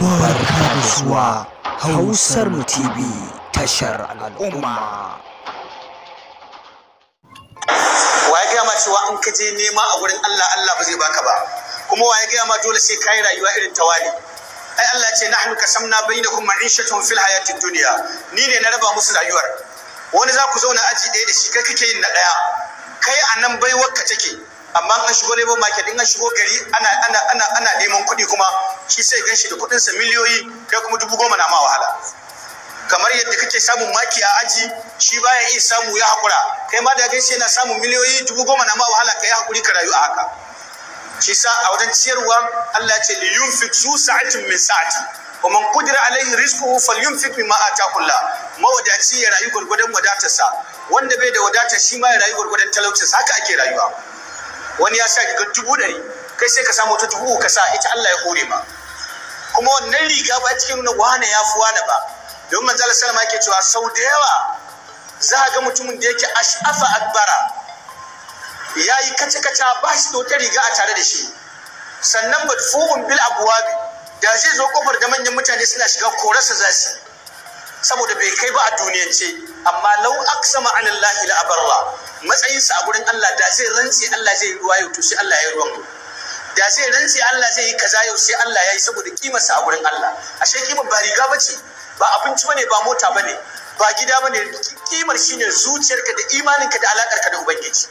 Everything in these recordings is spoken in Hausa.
barka da zuwa hausar mu tv tashar al'umma waye gaya ma cewa in ka je nema a gurin Allah Allah ba zai baka ba kuma waye gaya ma dole sai kai rayuwa irin tawali ai Allah ce nahnu kasamna bainakum ma'ishatun fil hayatid dunya ni ne na raba musu rayuwar wani za ku zauna aji ɗaya da shi kai kake yin na ɗaya kai a nan baiwar ka take amma an shigo labor market in an shigo gari ana ana ana ana neman kuɗi kuma shi sai gan shi da kuɗinsa miliyoyi kai kuma dubu goma na ma wahala kamar yadda kake samun maki a aji shi baya iya samu ya haƙura kai ma da gan yana samun miliyoyi dubu goma na ma wahala kai ya haƙuri ka rayu a haka shi sa a wajen ciyarwa Allah ya ce li yunfiq su sa'atin min sa'ati wa man qudira alaihi rizquhu falyunfiq mimma ataahu Allah mawadaci ya rayu gurgurdan wadatarsa wanda bai da wadata shi ma ya rayu gurgurdan talaucinsa haka ake rayuwa wani ya sa rigar dubu ɗari kai sai ka samu wata dubu ka sa ita Allah ya hore ma kuma wannan riga ba cikin na wane ya fi wane ba domin manzal Allah sallama yake cewa sau da yawa za ga mutumin da yake ash'afa akbara ya yi kaca-kaca ba shi da wata riga a tare da shi sannan ba fuhun bil abuwabi da zai zo kofar da manyan mutane suna shiga korarsa za saboda bai kai ba a duniyance amma lau aksama Allah ila abarra matsayinsa a gurin Allah da zai rantse Allah zai yi ruwa yau to sai Allah ya ruwa da zai rantse Allah zai yi kaza yau sai Allah ya yi saboda sa a gurin Allah ashe kimar ba riga bace ba abinci bane ba mota bane ba gida bane kimar shine zuciyarka da imaninka da alakarka da ubangiji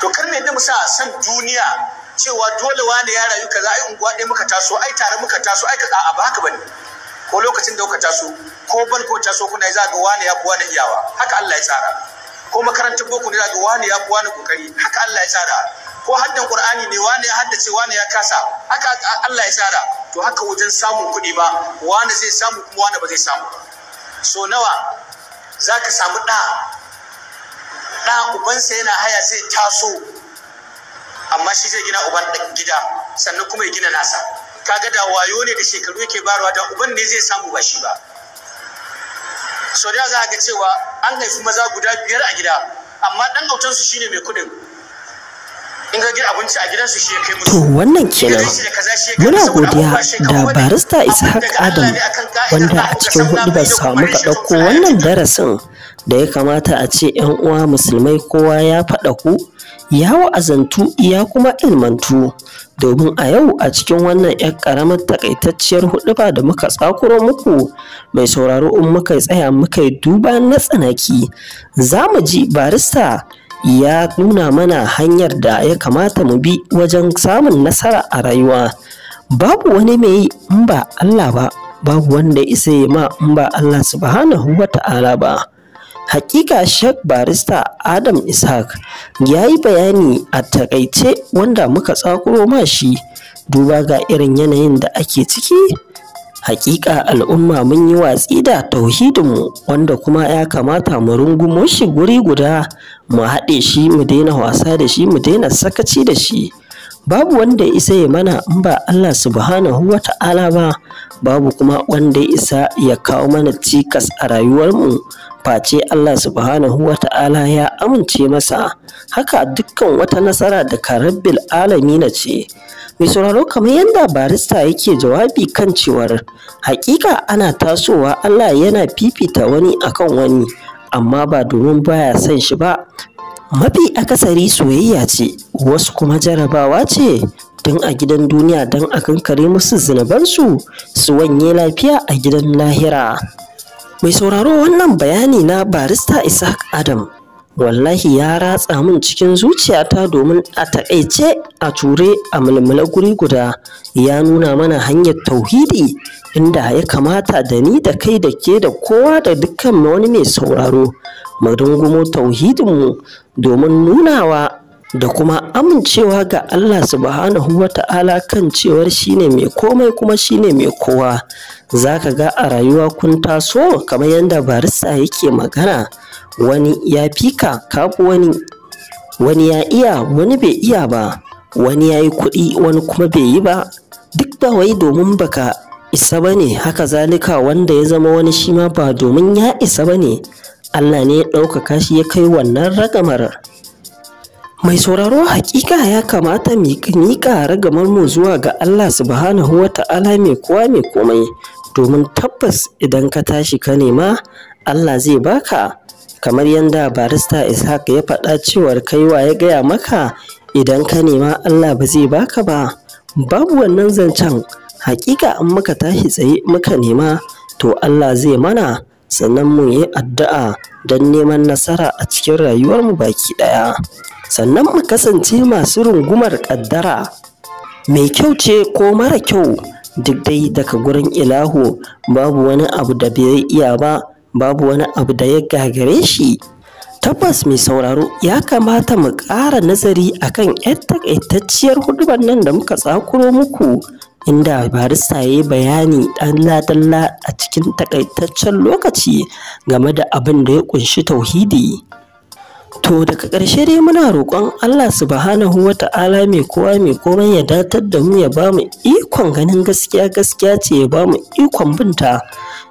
to kar ne da musa san duniya cewa dole wani ya rayu kaza ai unguwa ɗaya muka taso ai tare muka taso ai ka a ba haka bane ko lokacin da kuka taso ko ban ko taso kuna za ga wani ya kuwa na iyawa haka Allah ya tsara ko makarantar boko ne za ga wani ya kuwa na kokari haka Allah ya tsara ko haddan qur'ani ne wani ya haddace wani ya kasa haka Allah ya tsara to haka wajen samun kuɗi ba wani zai samu kuma wani ba zai samu so nawa zaka samu ɗa ɗa ubansa yana haya zai taso amma shi zai gina uban gida sannan kuma ya gina nasa kaga da wayo ne da shekaru yake barwa da uban ne zai samu ba shi ba so da za ga cewa an haifi maza guda biyar a gida amma dan gautan su shine mai kudin in ga abinci a gidansu shi ya kai musu to wannan kenan muna godiya da barista Ishaq Adam wanda a cikin hudu ba samu ka dauko wannan darasin da ya kamata a ce yan uwa musulmai kowa ya faɗa ku ya wa'azantu ya kuma ilmantu domin a yau a cikin wannan 'yan ƙaramar takaitacciyar huɗuba da muka tsakuro muku mai sauraro in muka tsaya muka duba na tsanaki za mu ji barista ya nuna mana hanyar da ya kamata mu bi wajen samun nasara a rayuwa babu wani mai in ba Allah ba babu wanda ya isa ma in ba Allah subhanahu wa ta'ala ba Hakika Sheikh Barista Adam Ishaq ya yi bayani a takaice wanda muka tsakuro ma shi duba ga irin yanayin da ake ciki. Hakika al'umma mun yi watsi da tauhidinmu wanda kuma ya kamata mu rungumo shi guri guda mu haɗe shi mu daina wasa da shi mu daina sakaci da shi. Babu wanda ya isa ya mana in ba Allah subhanahu wa ta'ala ba babu kuma wanda ya isa ya kawo mana cikas a rayuwarmu face Allah subhanahu wa ta'ala ya amince masa haka dukkan wata nasara da karabbil na ce mai sauraro kamar yadda barista yake jawabi kan cewar hakika ana tasowa Allah yana fifita wani akan wani amma ba domin baya son shi ba mafi akasari soyayya ce wasu kuma jarabawa ce tun a gidan duniya don a kankare musu zinabansu su wanye lafiya a gidan lahira mai sauraro wannan bayani na barista isaac adam wallahi ya ratsa min cikin zuciyata domin a taƙaice a ture a mulmula guri guda ya nuna mana hanyar tauhidi inda ya kamata da ni da kai da ke da kowa da dukkan wani mai sauraro mu tauhidinmu domin nunawa da kuma amincewa ga Allah subhanahu wa ta'ala kan cewar shine mai komai kuma shine mai kowa za ka ga a rayuwa kun taso kamar yadda barista yake magana wani ya fika kafu wani wani ya iya wani bai iya ba wani ya yi kuɗi wani kuma bai yi ba duk da wai domin baka isa ba ne haka zalika wanda ya zama wani shi ma ba domin ya isa ba ne Allah ne ya ɗaukaka shi ya kai wannan ragamar Mai sauraro hakika ya kamata miƙa ragamar mu zuwa ga Allah subhanahu wa ta'ala mai kowa mai komai domin tabbas idan ka tashi ka nema Allah zai baka kamar yadda barista Ishaq ya faɗa cewar kaiwa ya gaya maka idan ka nema Allah ba zai baka ba babu wannan zancen hakika in muka tashi tsaye muka nema to Allah zai mana sannan mu yi addu'a don neman nasara a cikin rayuwarmu baki ɗaya sannan mu kasance masu rungumar ƙaddara mai kyau ce ko mara kyau duk dai daga gurin ilahu babu wani abu da bai iya ba babu wani abu da ya gagare shi tabbas mai sauraro ya kamata mu ƙara nazari akan 'yan takaitacciyar hudubar nan da muka tsakuro muku inda barista ya yi bayani dalla-dalla a cikin takaitaccen lokaci game da abin da ya kunshi tauhidi. To daga ƙarshe dai muna roƙon Allah subhanahu wa ta'ala mai kowa mai komai ya datar da mu ya ba mu ikon ganin gaskiya gaskiya ce ya ba mu ikon binta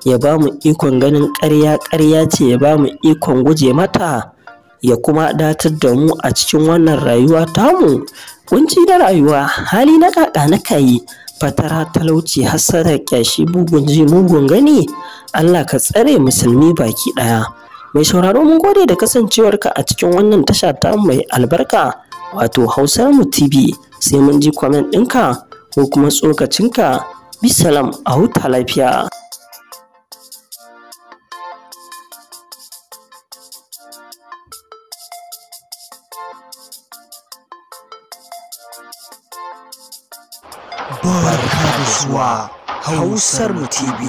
ya ba mu ikon ganin ƙarya ƙarya ce ya ba mu ikon guje mata ya kuma datar da mu a cikin wannan rayuwa tamu kunci da rayuwa hali na ƙaƙa na kayi fatara talauci hasara kyashi bugun ji mugun gani Allah ka tsare musulmi baki daya mai sauraro mun gode da kasancewarka a cikin wannan tasha ta mai albarka wato Hausa mu TV sai mun ji comment ɗinka ko kuma tsokacinka bisalam a huta lafiya barka da zuwa hausar mu tv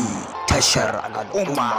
tashar al'umma